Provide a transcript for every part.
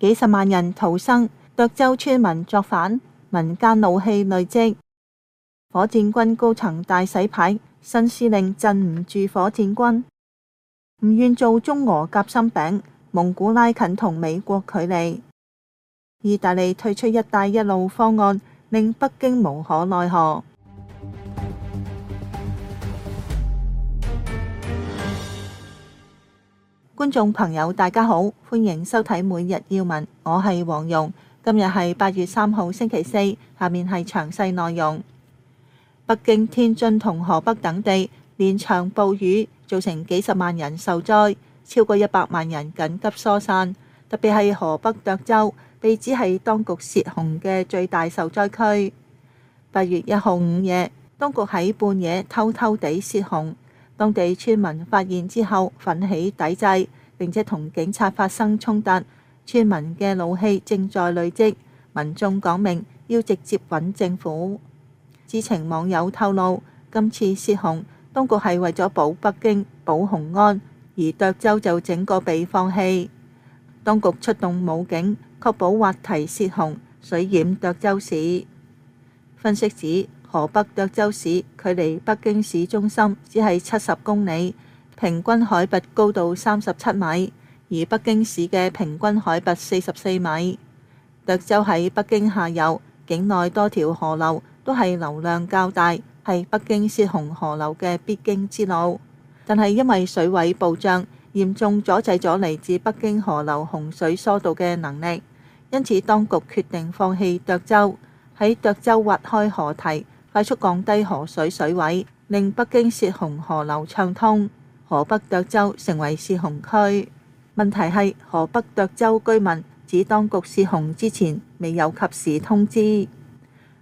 幾十萬人逃生，涿州村民作反，民間怒氣累積。火箭軍高層大洗牌，新司令鎮唔住火箭軍，唔願做中俄夾心餅，蒙古拉近同美國距離。意大利退出一帶一路方案，令北京無可奈何。觀眾朋友，大家好，歡迎收睇《每日要聞》，我係黃容。今日係八月三號，星期四。下面係詳細內容。北京、天津同河北等地連場暴雨，造成幾十萬人受災，超過一百萬人緊急疏散。特別係河北涿州，被指係當局泄洪嘅最大受災區。八月一號午夜，當局喺半夜偷偷地泄洪。當地村民發現之後，奮起抵制，並且同警察發生衝突。村民嘅怒氣正在累積，民眾講明要直接揾政府。知情網友透露，今次泄洪，當局係為咗保北京、保雄安而涿州就整個被放棄。當局出動武警確保挖堤泄洪，水淹涿州市。分析指。河北涿州市距離北京市中心只係七十公里，平均海拔高度三十七米，而北京市嘅平均海拔四十四米。涿州喺北京下游，境內多條河流都係流量較大，係北京泄洪河流嘅必經之路。但係因為水位暴漲，嚴重阻滯咗嚟自北京河流洪水疏導嘅能力，因此當局決定放棄涿州，喺涿州挖開河堤。快速降低河水水位，令北京泄洪河流暢通。河北涿州成為泄洪區。問題係河北涿州居民指當局泄洪之前未有及時通知。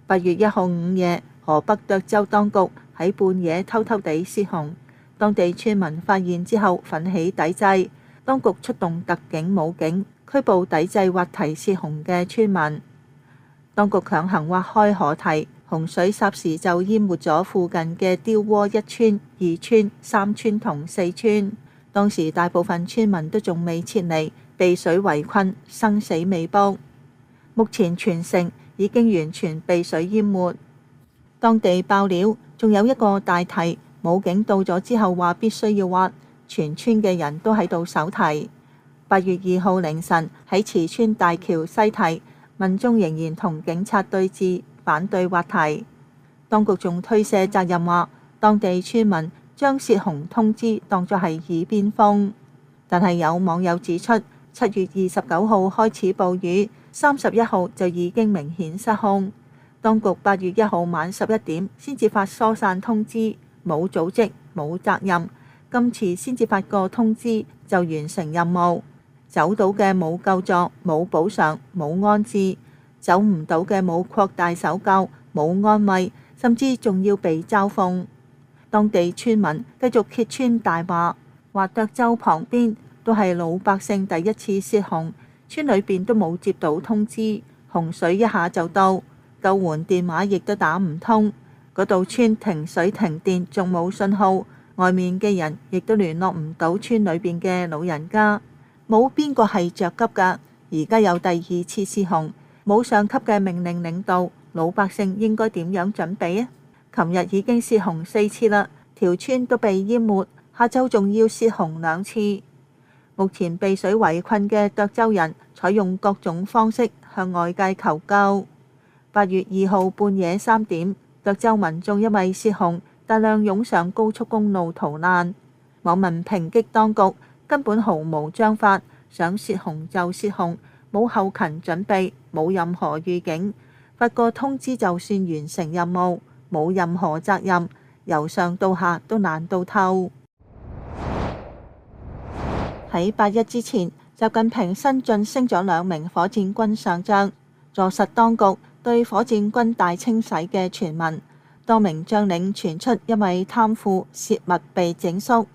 八月一號午夜，河北涿州當局喺半夜偷偷地泄洪。當地村民發現之後奮起抵制，當局出動特警武警拘捕抵制挖堤泄洪嘅村民。當局強行挖開河堤。洪水霎時就淹沒咗附近嘅碉窩一村、二村、三村同四村。當時大部分村民都仲未撤離，被水圍困，生死未卜。目前全城已經完全被水淹沒。當地爆料仲有一個大堤，武警到咗之後話必須要挖，全村嘅人都喺度守堤。八月二號凌晨喺池村大橋西堤，民眾仍然同警察對峙。反對挖堤，當局仲推卸責任，話當地村民將泄洪通知當作係耳邊風。但係有網友指出，七月二十九號開始暴雨，三十一號就已經明顯失控。當局八月一號晚十一點先至發疏散通知，冇組織，冇責任。今次先至發個通知就完成任務，走到嘅冇救助，冇補償，冇安置。走唔到嘅冇擴大搜救，冇安慰，甚至仲要被嘲諷。當地村民繼續揭穿大話，話涿州旁邊都係老百姓第一次泄洪，村裏邊都冇接到通知，洪水一下就到，救援電話亦都打唔通。嗰度村停水停電，仲冇信號，外面嘅人亦都聯絡唔到村裏邊嘅老人家，冇邊個係着急㗎。而家有第二次泄洪。冇上級嘅命令，領導老百姓應該點樣準備啊？琴日已經泄洪四次啦，條村都被淹沒，下週仲要泄洪兩次。目前被水圍困嘅涿州人，採用各種方式向外界求救。八月二號半夜三點，涿州民眾因為泄洪，大量湧上高速公路逃難。網民抨擊當局根本毫無章法，想泄洪就泄洪。冇後勤準備，冇任何預警，發個通知就算完成任務，冇任何責任，由上到下都難到透。喺八一之前，習近平新晉升咗兩名火箭軍上將，坐實當局對火箭軍大清洗嘅傳聞。多名將領傳出因為貪腐洩密被整肅。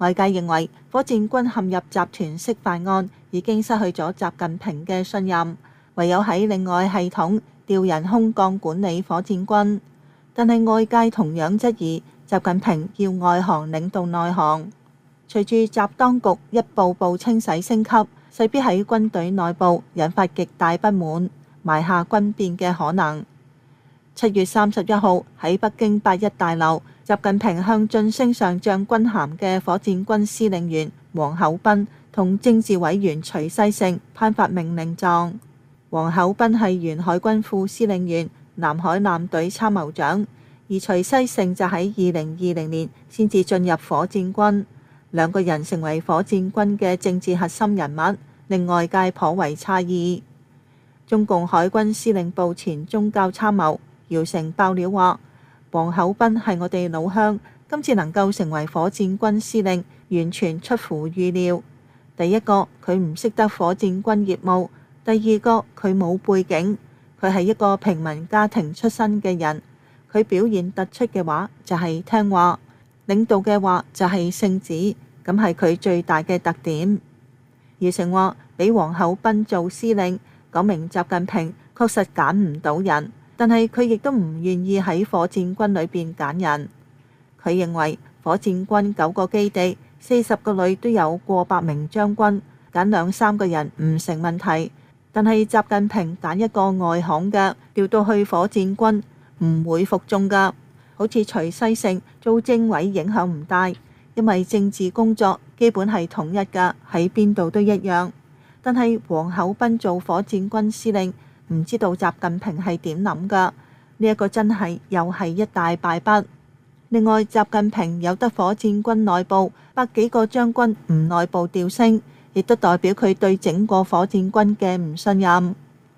外界認為火箭軍陷入集團式犯案，已經失去咗習近平嘅信任，唯有喺另外系統調人空降管理火箭軍。但係外界同樣質疑習近平要外行領導內行，隨住習當局一步步清洗升級，勢必喺軍隊內部引發極大不滿，埋下軍變嘅可能。七月三十一號喺北京八一大樓。習近平向晉升上將軍銜嘅火箭軍司令員王厚斌同政治委員徐西盛頒發命令狀。王厚斌係原海軍副司令員、南海艦隊參謀長，而徐西盛就喺二零二零年先至進入火箭軍，兩個人成為火箭軍嘅政治核心人物，令外界頗為詫異。中共海軍司令部前中校參謀姚成爆料話。王厚斌係我哋老鄉，今次能夠成為火箭軍司令，完全出乎預料。第一個佢唔識得火箭軍業務，第二個佢冇背景，佢係一個平民家庭出身嘅人。佢表現突出嘅話，就係、是、聽話領導嘅話就係聖旨，咁係佢最大嘅特點。葉成話俾王厚斌做司令，講明習近平確實揀唔到人。但係佢亦都唔願意喺火箭軍裏邊揀人。佢認為火箭軍九個基地四十個旅都有過百名將軍，揀兩三個人唔成問題。但係習近平揀一個外行嘅調到去火箭軍，唔會服眾噶。好似徐西盛做政委影響唔大，因為政治工作基本係統一噶，喺邊度都一樣。但係王厚斌做火箭軍司令。唔知道習近平係點諗㗎？呢一個真係又係一大敗筆。另外，習近平有得火箭軍內部百幾個將軍唔內部調升，亦都代表佢對整個火箭軍嘅唔信任。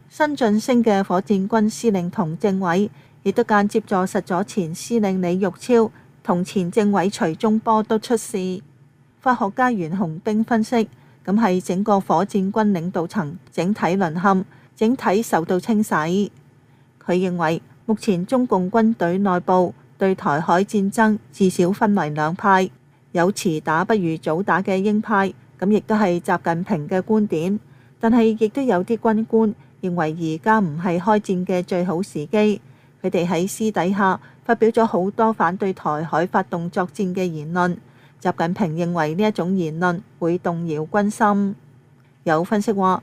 新晉升嘅火箭軍司令同政委，亦都間接坐實咗前司令李玉超同前政委徐忠波都出事。法學家袁紅冰分析，咁係整個火箭軍領導層整體淪陷。整體受到清洗。佢認為目前中共軍隊內部對台海戰爭至少分為兩派，有遲打不如早打嘅鷹派，咁亦都係習近平嘅觀點，但係亦都有啲軍官認為而家唔係開戰嘅最好時機，佢哋喺私底下發表咗好多反對台海發動作戰嘅言論，習近平認為呢一種言論會動搖軍心。有分析話，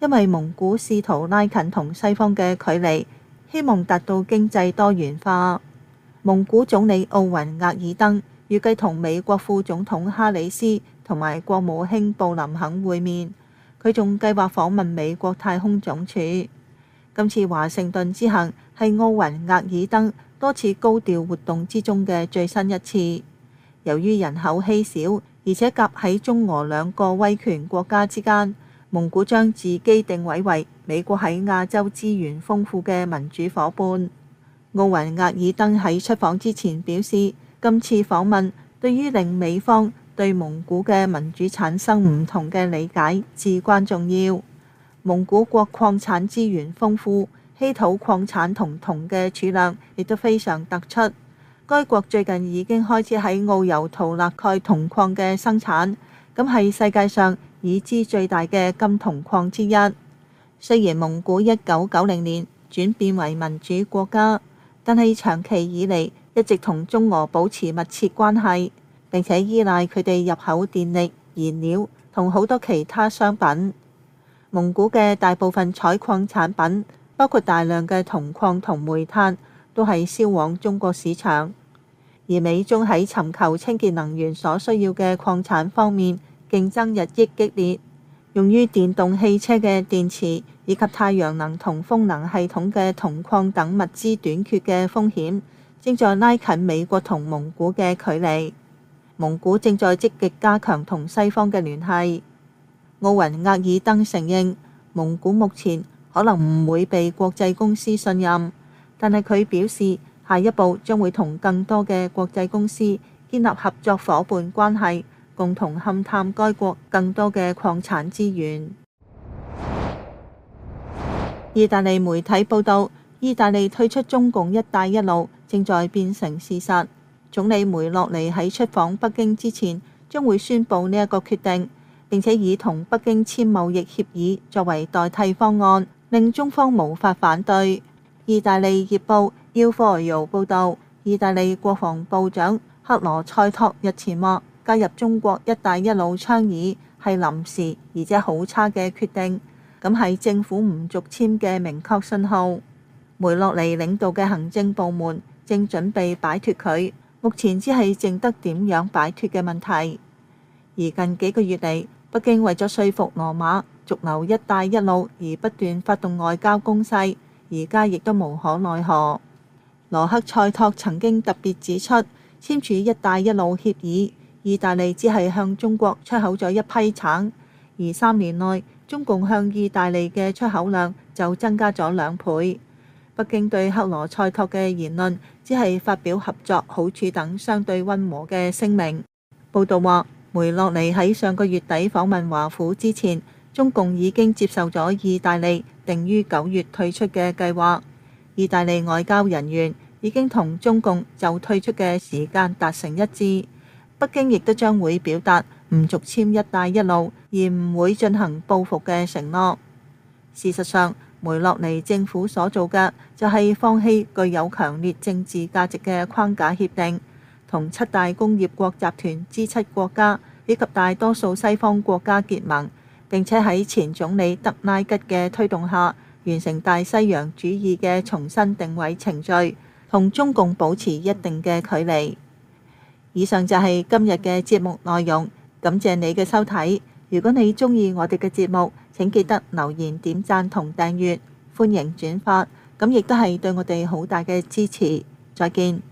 因為蒙古試圖拉近同西方嘅距離，希望達到經濟多元化。蒙古總理奧雲額爾登預計同美國副總統哈里斯同埋國務卿布林肯會面，佢仲計劃訪問美國太空總署。今次華盛頓之行係奧雲額爾登多次高調活動之中嘅最新一次。由於人口稀少，而且夾喺中俄兩個威權國家之間。蒙古將自己定位為美國喺亞洲資源豐富嘅民主夥伴。奧雲額爾登喺出訪之前表示，今次訪問對於令美方對蒙古嘅民主產生唔同嘅理解至關重要。蒙古國礦產資源豐富，稀土礦產同銅嘅儲量亦都非常突出。該國最近已經開始喺奧尤陶勒蓋銅礦嘅生產，咁係世界上已知最大嘅金銅礦之一。雖然蒙古一九九零年轉變為民主國家，但係長期以嚟，一直同中俄保持密切關係，並且依賴佢哋入口電力、燃料同好多其他商品。蒙古嘅大部分採礦產品，包括大量嘅銅礦同煤炭，都係銷往中國市場，而美中喺尋求清潔能源所需要嘅礦產方面，競爭日益激烈，用於電動汽車嘅電池以及太陽能同風能系統嘅銅礦等物資短缺嘅風險，正在拉近美國同蒙古嘅距離。蒙古正在積極加強同西方嘅聯繫。奧雲厄爾登承認，蒙古目前可能唔會被國際公司信任，但係佢表示下一步將會同更多嘅國際公司建立合作伙伴關係。共同勘探該國更多嘅礦產資源。意大利媒體報道，意大利退出中共“一帶一路”正在變成事實。總理梅洛尼喺出訪北京之前，將會宣布呢一個決定，並且以同北京簽貿易協議作為代替方案，令中方無法反對。意大利業《業報》《要貨》報道，意大利國防部長克羅塞托日前話。加入中國一帶一路倡議係臨時而且好差嘅決定，咁係政府唔續簽嘅明確信號。梅洛尼領導嘅行政部門正準備擺脫佢，目前只係淨得點樣擺脫嘅問題。而近幾個月嚟，北京為咗說服羅馬續留一帶一路，而不斷發動外交攻勢，而家亦都無可奈何。羅克塞托曾經特別指出，簽署一帶一路協議，意大利只係向中國出口咗一批橙，而三年內中共向意大利嘅出口量就增加咗兩倍。北京對克羅塞托嘅言論只係發表合作好處等相對温和嘅聲明。報導話，梅洛尼喺上個月底訪問華府之前，中共已經接受咗意大利定於九月退出嘅計劃，意大利外交人員已經同中共就退出嘅時間達成一致。北京亦都將會表達唔續簽「一帶一路」而唔會進行報復嘅承諾。事實上，梅洛尼政府所做嘅就係放棄具有強烈政治價值嘅框架協定，同七大工業國集團之七國家以及大多數西方國家結盟，並且喺前總理德拉吉嘅推動下，完成大西洋主義嘅重新定位程序，同中共保持一定嘅距離。以上就係今日嘅節目內容，感謝你嘅收睇。如果你鍾意我哋嘅節目，請記得留言、點讚同訂閱，歡迎轉發，咁亦都係對我哋好大嘅支持。再見。